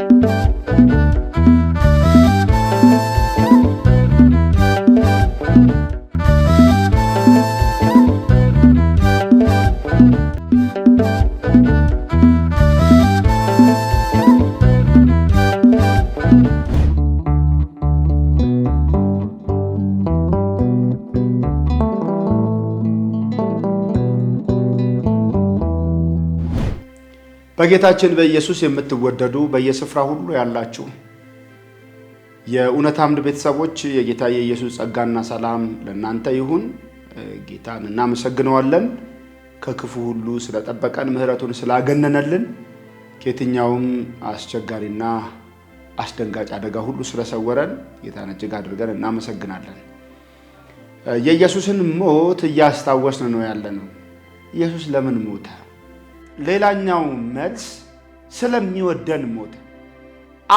Thank you. በጌታችን በኢየሱስ የምትወደዱ በየስፍራ ሁሉ ያላችሁ የእውነት አምድ ቤተሰቦች የጌታ የኢየሱስ ጸጋና ሰላም ለእናንተ ይሁን። ጌታን እናመሰግነዋለን ከክፉ ሁሉ ስለጠበቀን ምሕረቱን ስላገነነልን ከየትኛውም አስቸጋሪና አስደንጋጭ አደጋ ሁሉ ስለሰወረን ጌታን እጅግ አድርገን እናመሰግናለን። የኢየሱስን ሞት እያስታወስን ነው ያለ ነው። ኢየሱስ ለምን ሞተ? ሌላኛው መልስ ስለሚወደን ሞተ።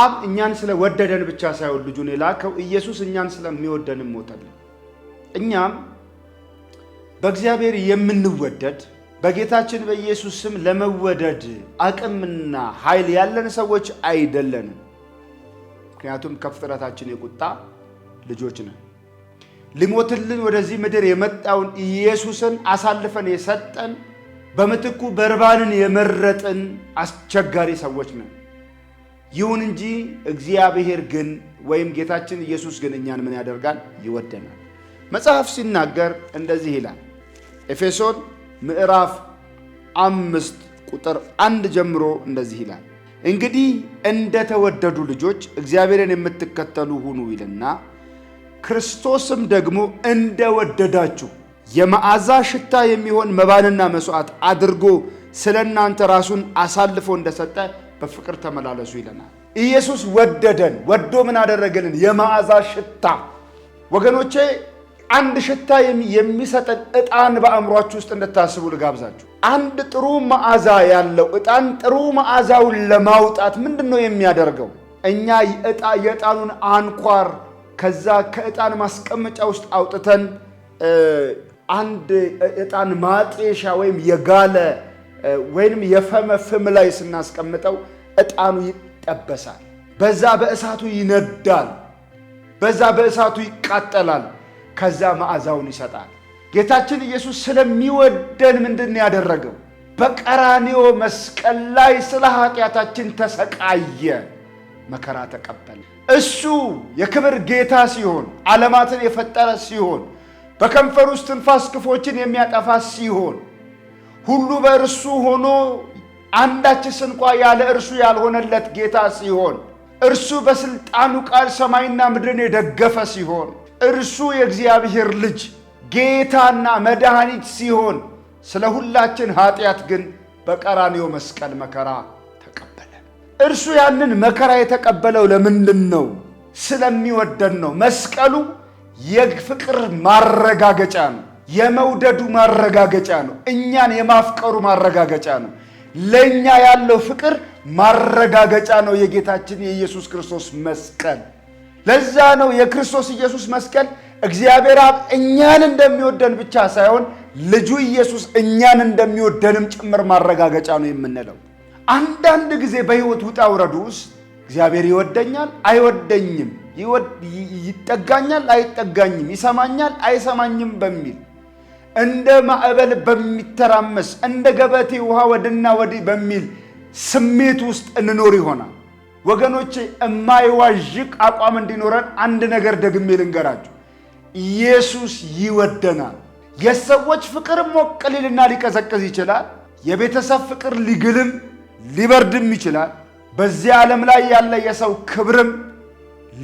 አብ እኛን ስለወደደን ብቻ ሳይሆን ልጁን የላከው ኢየሱስ እኛን ስለሚወደን ሞተልን። እኛም በእግዚአብሔር የምንወደድ በጌታችን በኢየሱስ ስም ለመወደድ አቅምና ኃይል ያለን ሰዎች አይደለንም። ምክንያቱም ከፍጥረታችን የቁጣ ልጆች ነን። ሊሞትልን ወደዚህ ምድር የመጣውን ኢየሱስን አሳልፈን የሰጠን በምትኩ በርባንን የመረጥን አስቸጋሪ ሰዎች ነን። ይሁን እንጂ እግዚአብሔር ግን ወይም ጌታችን ኢየሱስ ግን እኛን ምን ያደርጋል? ይወደናል። መጽሐፍ ሲናገር እንደዚህ ይላል። ኤፌሶን ምዕራፍ አምስት ቁጥር አንድ ጀምሮ እንደዚህ ይላል። እንግዲህ እንደተወደዱ ልጆች እግዚአብሔርን የምትከተሉ ሁኑ ይልና ክርስቶስም ደግሞ እንደወደዳችሁ የመዓዛ ሽታ የሚሆን መባልና መስዋዕት አድርጎ ስለ እናንተ ራሱን አሳልፎ እንደሰጠ በፍቅር ተመላለሱ ይለናል። ኢየሱስ ወደደን፣ ወዶ ምን አደረገልን? የመዓዛ ሽታ። ወገኖቼ አንድ ሽታ የሚሰጠን ዕጣን በአእምሯችሁ ውስጥ እንድታስቡ ልጋብዛችሁ። አንድ ጥሩ መዓዛ ያለው ዕጣን ጥሩ መዓዛውን ለማውጣት ምንድን ነው የሚያደርገው? እኛ የዕጣኑን አንኳር ከዛ ከዕጣን ማስቀመጫ ውስጥ አውጥተን አንድ እጣን ማጤሻ ወይም የጋለ ወይም የፈመ ፍም ላይ ስናስቀምጠው እጣኑ ይጠበሳል። በዛ በእሳቱ ይነዳል። በዛ በእሳቱ ይቃጠላል። ከዛ መዓዛውን ይሰጣል። ጌታችን ኢየሱስ ስለሚወደን ምንድን ያደረገው? በቀራንዮ መስቀል ላይ ስለ ኃጢአታችን ተሰቃየ፣ መከራ ተቀበለ። እሱ የክብር ጌታ ሲሆን ዓለማትን የፈጠረ ሲሆን በከንፈር ውስጥ ትንፋስ ክፎችን የሚያጠፋ ሲሆን ሁሉ በእርሱ ሆኖ አንዳች ስንኳ ያለ እርሱ ያልሆነለት ጌታ ሲሆን እርሱ በሥልጣኑ ቃል ሰማይና ምድርን የደገፈ ሲሆን እርሱ የእግዚአብሔር ልጅ ጌታና መድኃኒት ሲሆን ስለ ሁላችን ኀጢአት ግን በቀራንዮ መስቀል መከራ ተቀበለ። እርሱ ያንን መከራ የተቀበለው ለምንድን ነው? ስለሚወደን ነው። መስቀሉ የፍቅር ማረጋገጫ ነው። የመውደዱ ማረጋገጫ ነው። እኛን የማፍቀሩ ማረጋገጫ ነው። ለእኛ ያለው ፍቅር ማረጋገጫ ነው የጌታችን የኢየሱስ ክርስቶስ መስቀል። ለዛ ነው የክርስቶስ ኢየሱስ መስቀል እግዚአብሔር አብ እኛን እንደሚወደን ብቻ ሳይሆን ልጁ ኢየሱስ እኛን እንደሚወደንም ጭምር ማረጋገጫ ነው የምንለው። አንዳንድ ጊዜ በሕይወት ውጣ ውረዱ ውስጥ እግዚአብሔር ይወደኛል አይወደኝም፣ ይጠጋኛል አይጠጋኝም፣ ይሰማኛል አይሰማኝም በሚል እንደ ማዕበል በሚተራመስ እንደ ገበቴ ውሃ ወድና ወዲህ በሚል ስሜት ውስጥ እንኖር ይሆናል። ወገኖቼ የማይዋዥቅ አቋም እንዲኖረን አንድ ነገር ደግሜ ልንገራችሁ፣ ኢየሱስ ይወደናል። የሰዎች ፍቅር ሞቅ ሊልና ሊቀዘቅዝ ይችላል። የቤተሰብ ፍቅር ሊግልም ሊበርድም ይችላል። በዚህ ዓለም ላይ ያለ የሰው ክብርም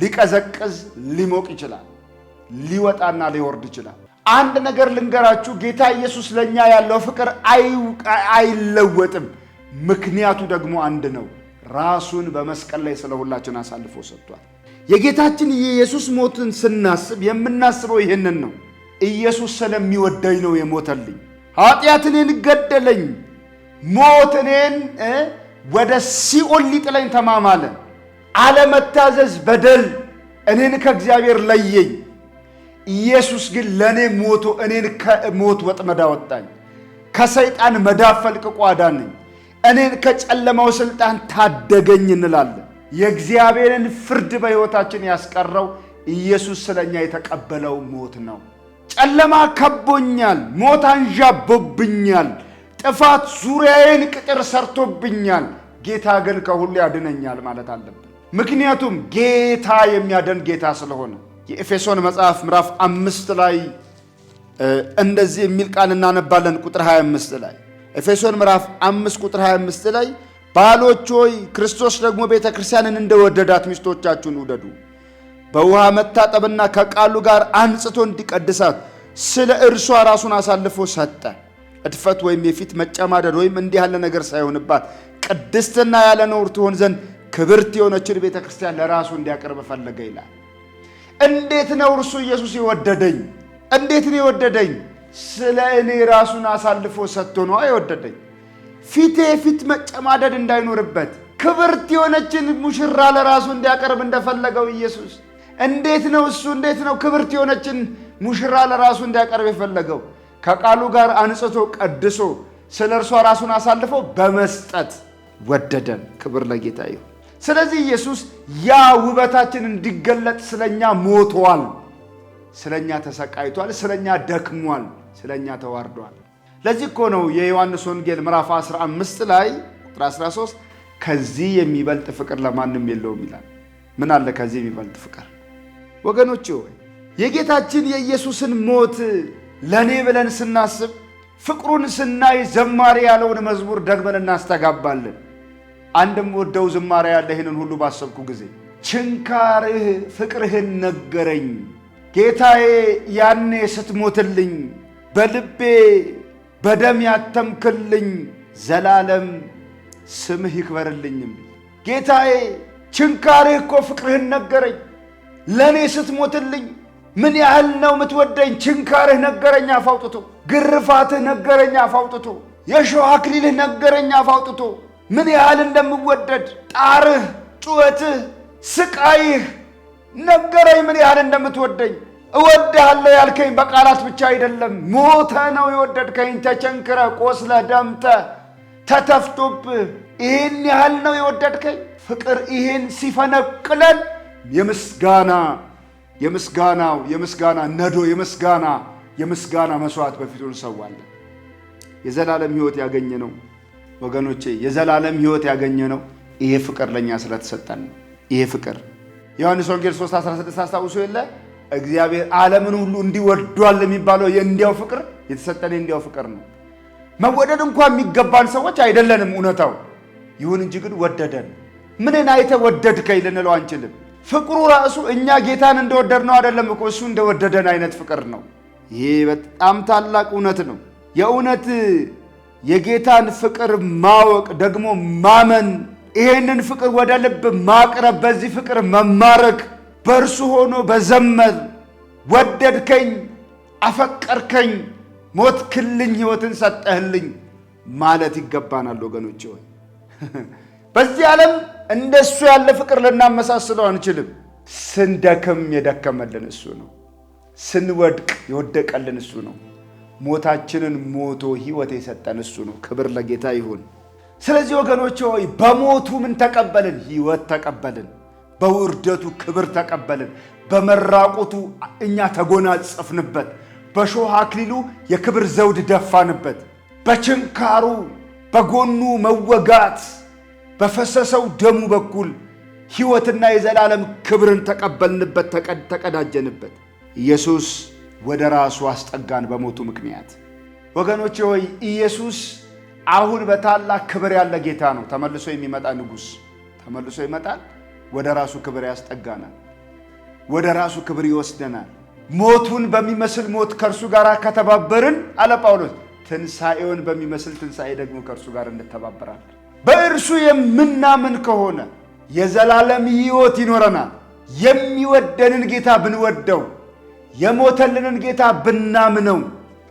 ሊቀዘቅዝ ሊሞቅ ይችላል፣ ሊወጣና ሊወርድ ይችላል። አንድ ነገር ልንገራችሁ፣ ጌታ ኢየሱስ ለእኛ ያለው ፍቅር አይለወጥም። ምክንያቱ ደግሞ አንድ ነው። ራሱን በመስቀል ላይ ስለ ሁላችን አሳልፎ ሰጥቷል። የጌታችን የኢየሱስ ሞትን ስናስብ የምናስበው ይህንን ነው። ኢየሱስ ስለሚወደኝ ነው የሞተልኝ። ኃጢአት እኔን ገደለኝ፣ ሞት እኔን ወደ ሲኦል ሊጥለኝ ተማማለ። አለመታዘዝ በደል እኔን ከእግዚአብሔር ለየኝ። ኢየሱስ ግን ለእኔ ሞቶ እኔን ከሞት ወጥመድ አወጣኝ፣ ከሰይጣን መዳፍ ፈልቅቆ አዳነኝ፣ እኔን ከጨለማው ሥልጣን ታደገኝ እንላለን። የእግዚአብሔርን ፍርድ በሕይወታችን ያስቀረው ኢየሱስ ስለ እኛ የተቀበለው ሞት ነው። ጨለማ ከቦኛል፣ ሞት አንዣቦብኛል። ጥፋት ዙሪያዬን ቅጥር ሰርቶብኛል፣ ጌታ ግን ከሁሉ ያድነኛል ማለት አለብን። ምክንያቱም ጌታ የሚያደን ጌታ ስለሆነ የኤፌሶን መጽሐፍ ምዕራፍ አምስት ላይ እንደዚህ የሚል ቃል እናነባለን። ቁጥር 25 ላይ ኤፌሶን ምዕራፍ 5 ቁጥር 25 ላይ ባሎች ሆይ ክርስቶስ ደግሞ ቤተ ክርስቲያንን እንደወደዳት ሚስቶቻችሁን ውደዱ፣ በውሃ መታጠብና ከቃሉ ጋር አንጽቶ እንዲቀድሳት ስለ እርሷ ራሱን አሳልፎ ሰጠ። እድፈት ወይም የፊት መጨማደድ ወይም እንዲህ ያለ ነገር ሳይሆንባት ቅድስትና ያለ ነውር ትሆን ዘንድ ክብርት የሆነችን ቤተ ክርስቲያን ለራሱ እንዲያቀርብ ፈለገ ይላል። እንዴት ነው እርሱ ኢየሱስ የወደደኝ? እንዴት ነው የወደደኝ? ስለ እኔ ራሱን አሳልፎ ሰጥቶ ነው የወደደኝ። ፊቴ ፊት መጨማደድ እንዳይኖርበት ክብርት የሆነችን ሙሽራ ለራሱ እንዲያቀርብ እንደፈለገው ኢየሱስ እንዴት ነው እሱ እንዴት ነው ክብርት የሆነችን ሙሽራ ለራሱ እንዲያቀርብ የፈለገው? ከቃሉ ጋር አንጽቶ ቀድሶ ስለ እርሷ ራሱን አሳልፎ በመስጠት ወደደን። ክብር ለጌታ ይሁን። ስለዚህ ኢየሱስ ያ ውበታችን እንዲገለጥ ስለኛ ሞቷል፣ ስለኛ ተሰቃይቷል፣ ስለኛ ደክሟል፣ ስለኛ ተዋርዷል። ለዚህ እኮ ነው የዮሐንስ ወንጌል ምዕራፍ 15 ላይ ቁጥር 13 ከዚህ የሚበልጥ ፍቅር ለማንም የለውም ይላል። ምን አለ ከዚህ የሚበልጥ ፍቅር? ወገኖች ሆይ የጌታችን የኢየሱስን ሞት ለእኔ ብለን ስናስብ ፍቅሩን ስናይ ዘማሪ ያለውን መዝሙር ደግመን እናስተጋባለን። አንድም ወደው ዝማሬ ያለ ይህንን ሁሉ ባሰብኩ ጊዜ ችንካርህ ፍቅርህን ነገረኝ ጌታዬ ያኔ ስትሞትልኝ በልቤ በደም ያተምክልኝ ዘላለም ስምህ ይክበርልኝም። ጌታዬ ችንካርህ እኮ ፍቅርህን ነገረኝ ለእኔ ስትሞትልኝ ምን ያህል ነው የምትወደኝ? ችንካርህ ነገረኛ አፋውጥቶ፣ ግርፋትህ ነገረኛ አፋውጥቶ፣ የእሾህ አክሊልህ ነገረኛ አፋውጥቶ፣ ምን ያህል እንደምወደድ ጣርህ፣ ጩኸትህ፣ ስቃይህ ነገረኝ ምን ያህል እንደምትወደኝ። እወድሃለሁ ያልከኝ በቃላት ብቻ አይደለም፣ ሞተ ነው የወደድከኝ። ተቸንክረ፣ ቆስለ ደምተ ተተፍቶብህ ይህን ያህል ነው የወደድከኝ። ፍቅር ይህን ሲፈነቅለን የምስጋና የምስጋናው የምስጋና ነዶ የምስጋና የምስጋና መስዋዕት በፊቱ እንሰዋለን። የዘላለም ሕይወት ያገኘ ነው ወገኖቼ፣ የዘላለም ሕይወት ያገኘ ነው። ይሄ ፍቅር ለእኛ ስለተሰጠን ነው። ይሄ ፍቅር ዮሐንስ ወንጌል 3፥16 አስታውሶ የለ እግዚአብሔር ዓለምን ሁሉ እንዲወዷል የሚባለው የእንዲያው ፍቅር የተሰጠን የእንዲያው ፍቅር ነው። መወደድ እንኳ የሚገባን ሰዎች አይደለንም እውነታው። ይሁን እንጂ ግን ወደደን። ምንን አይተ ወደድከኝ ልንለው አንችልም። ፍቅሩ ራሱ እኛ ጌታን እንደወደድነው አይደለም እኮ እሱ እንደወደደን አይነት ፍቅር ነው። ይህ በጣም ታላቅ እውነት ነው። የእውነት የጌታን ፍቅር ማወቅ ደግሞ ማመን፣ ይሄንን ፍቅር ወደ ልብ ማቅረብ፣ በዚህ ፍቅር መማረክ፣ በእርሱ ሆኖ በዘመር ወደድከኝ፣ አፈቀርከኝ፣ ሞትክልኝ፣ ሕይወትን ሰጠህልኝ ማለት ይገባናል ወገኖች ሆይ በዚህ ዓለም እንደሱ ያለ ፍቅር ልናመሳስለው አንችልም። ስንደክም የደከመልን እሱ ነው። ስንወድቅ የወደቀልን እሱ ነው። ሞታችንን ሞቶ ሕይወት የሰጠን እሱ ነው። ክብር ለጌታ ይሁን። ስለዚህ ወገኖች ሆይ በሞቱ ምን ተቀበልን? ሕይወት ተቀበልን። በውርደቱ ክብር ተቀበልን። በመራቆቱ እኛ ተጎናጸፍንበት። በሾህ አክሊሉ የክብር ዘውድ ደፋንበት። በችንካሩ በጎኑ መወጋት በፈሰሰው ደሙ በኩል ሕይወትና የዘላለም ክብርን ተቀበልንበት፣ ተቀዳጀንበት። ኢየሱስ ወደ ራሱ አስጠጋን በሞቱ ምክንያት። ወገኖች ሆይ ኢየሱስ አሁን በታላቅ ክብር ያለ ጌታ ነው። ተመልሶ የሚመጣ ንጉሥ ተመልሶ ይመጣል። ወደ ራሱ ክብር ያስጠጋናል። ወደ ራሱ ክብር ይወስደናል። ሞቱን በሚመስል ሞት ከእርሱ ጋር ከተባበርን አለ ጳውሎስ፣ ትንሣኤውን በሚመስል ትንሣኤ ደግሞ ከእርሱ ጋር እንተባበራለን። በእርሱ የምናምን ከሆነ የዘላለም ሕይወት ይኖረናል። የሚወደንን ጌታ ብንወደው፣ የሞተልንን ጌታ ብናምነው፣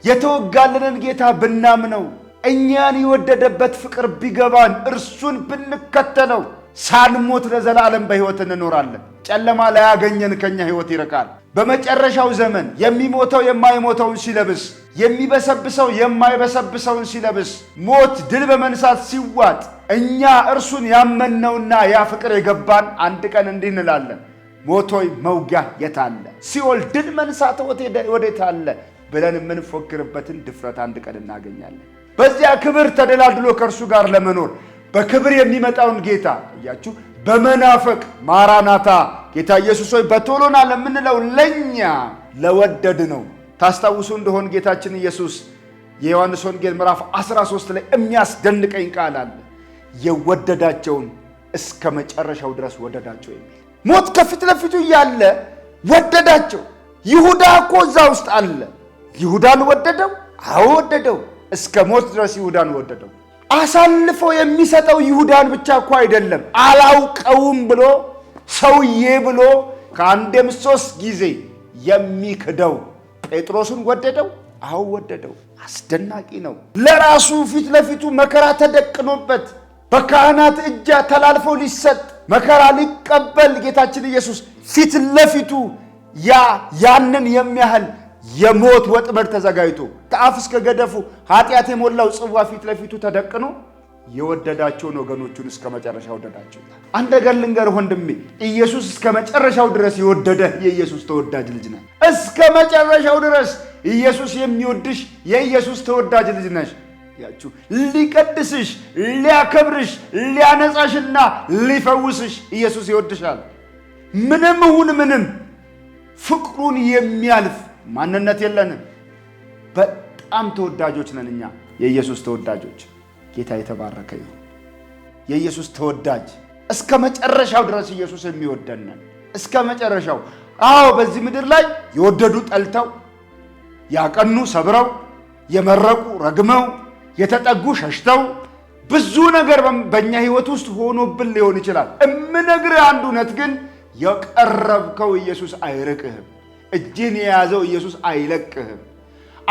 የተወጋልንን ጌታ ብናምነው፣ እኛን የወደደበት ፍቅር ቢገባን፣ እርሱን ብንከተለው ሳንሞት ለዘላለም በሕይወት እንኖራለን። ጨለማ ላያገኘን ከኛ ሕይወት ይርቃል። በመጨረሻው ዘመን የሚሞተው የማይሞተውን ሲለብስ የሚበሰብሰው የማይበሰብሰውን ሲለብስ ሞት ድል በመንሳት ሲዋጥ እኛ እርሱን ያመንነውና ያ ፍቅር የገባን አንድ ቀን እንዲህ እንላለን፣ ሞቶይ መውጊያ የታለ? ሲኦል ድል መንሳት ወዴት አለ? ብለን የምንፎክርበትን ድፍረት አንድ ቀን እናገኛለን። በዚያ ክብር ተደላድሎ ከእርሱ ጋር ለመኖር በክብር የሚመጣውን ጌታ እያችሁ በመናፈቅ ማራናታ ጌታ ኢየሱስ ሆይ በቶሎና ለምንለው ለእኛ ለወደድ ነው ታስታውሱ እንደሆን ጌታችን ኢየሱስ የዮሐንስ ወንጌል ምዕራፍ 13 ላይ የሚያስደንቀኝ ቃል አለ። የወደዳቸውን እስከ መጨረሻው ድረስ ወደዳቸው የሚል ሞት ከፊት ለፊቱ እያለ ወደዳቸው። ይሁዳ እኮ እዛ ውስጥ አለ። ይሁዳን ወደደው። አዎ ወደደው። እስከ ሞት ድረስ ይሁዳን ወደደው። አሳልፎ የሚሰጠው ይሁዳን ብቻ እኮ አይደለም። አላውቀውም ብሎ ሰውዬ ብሎ ከአንድም ሶስት ጊዜ የሚክደው ጴጥሮስን ወደደው? አዎ ወደደው። አስደናቂ ነው። ለራሱ ፊት ለፊቱ መከራ ተደቅኖበት በካህናት እጃ ተላልፎ ሊሰጥ መከራ ሊቀበል ጌታችን ኢየሱስ ፊት ለፊቱ ያ ያንን የሚያህል የሞት ወጥመድ ተዘጋጅቶ ከአፍ እስከ ገደፉ ኃጢአት የሞላው ጽዋ ፊት ለፊቱ ተደቅኖ የወደዳቸውን ወገኖቹን እስከ መጨረሻ ወደዳቸው። አንድ ነገር ልንገር ወንድሜ፣ ኢየሱስ እስከ መጨረሻው ድረስ የወደደህ የኢየሱስ ተወዳጅ ልጅ ነህ። እስከ መጨረሻው ድረስ ኢየሱስ የሚወድሽ የኢየሱስ ተወዳጅ ልጅ ነሽ። ያችሁ ሊቀድስሽ፣ ሊያከብርሽ፣ ሊያነጻሽና ሊፈውስሽ ኢየሱስ ይወድሻል። ምንም ይሁን ምንም ፍቅሩን የሚያልፍ ማንነት የለንም። በጣም ተወዳጆች ነን እኛ የኢየሱስ ተወዳጆች ጌታ የተባረከ ይሁን። የኢየሱስ ተወዳጅ እስከ መጨረሻው ድረስ ኢየሱስ የሚወደንን እስከ መጨረሻው። አዎ በዚህ ምድር ላይ የወደዱ ጠልተው፣ ያቀኑ ሰብረው፣ የመረቁ ረግመው፣ የተጠጉ ሸሽተው፣ ብዙ ነገር በእኛ ሕይወት ውስጥ ሆኖብን ሊሆን ይችላል። እምነግር አንድ እውነት ግን የቀረብከው ኢየሱስ አይርቅህም። እጅህን የያዘው ኢየሱስ አይለቅህም።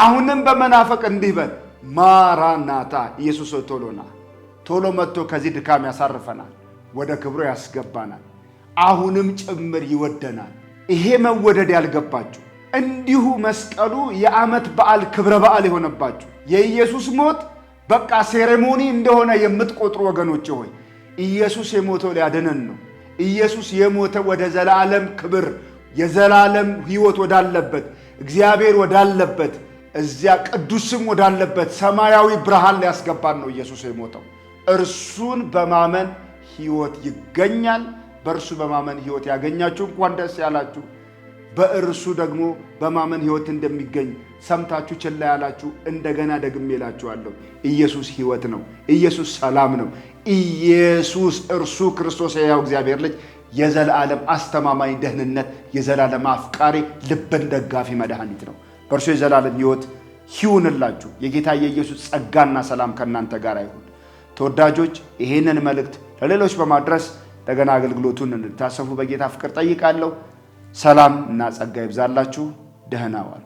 አሁንም በመናፈቅ እንዲህ በል ማራናታ ኢየሱስ ቶሎና ቶሎ መጥቶ ከዚህ ድካም ያሳርፈናል፣ ወደ ክብሩ ያስገባናል። አሁንም ጭምር ይወደናል። ይሄ መወደድ ያልገባችሁ እንዲሁ መስቀሉ የዓመት በዓል ክብረ በዓል የሆነባችሁ የኢየሱስ ሞት በቃ ሴሬሞኒ እንደሆነ የምትቆጥሩ ወገኖች ሆይ ኢየሱስ የሞተው ሊያድነን ነው። ኢየሱስ የሞተ ወደ ዘላለም ክብር የዘላለም ሕይወት ወዳለበት እግዚአብሔር ወዳለበት እዚያ ቅዱስም ወዳለበት ሰማያዊ ብርሃን ሊያስገባን ነው ኢየሱስ የሞተው። እርሱን በማመን ሕይወት ይገኛል። በእርሱ በማመን ሕይወት ያገኛችሁ እንኳን ደስ ያላችሁ። በእርሱ ደግሞ በማመን ሕይወት እንደሚገኝ ሰምታችሁ ችላ ያላችሁ እንደገና ደግሜ እላችኋለሁ፣ ኢየሱስ ሕይወት ነው። ኢየሱስ ሰላም ነው። ኢየሱስ እርሱ ክርስቶስ ያው እግዚአብሔር ልጅ የዘላለም አስተማማኝ ደህንነት፣ የዘላለም አፍቃሪ፣ ልብን ደጋፊ መድኃኒት ነው። በእርሱ የዘላለም ሕይወት ይሁንላችሁ። የጌታ የኢየሱስ ጸጋና ሰላም ከእናንተ ጋር ይሁን። ተወዳጆች ይህንን መልእክት ለሌሎች በማድረስ እንደገና አገልግሎቱን እንድታሰፉ በጌታ ፍቅር ጠይቃለሁ። ሰላም እና ጸጋ ይብዛላችሁ። ደህና ዋሉ።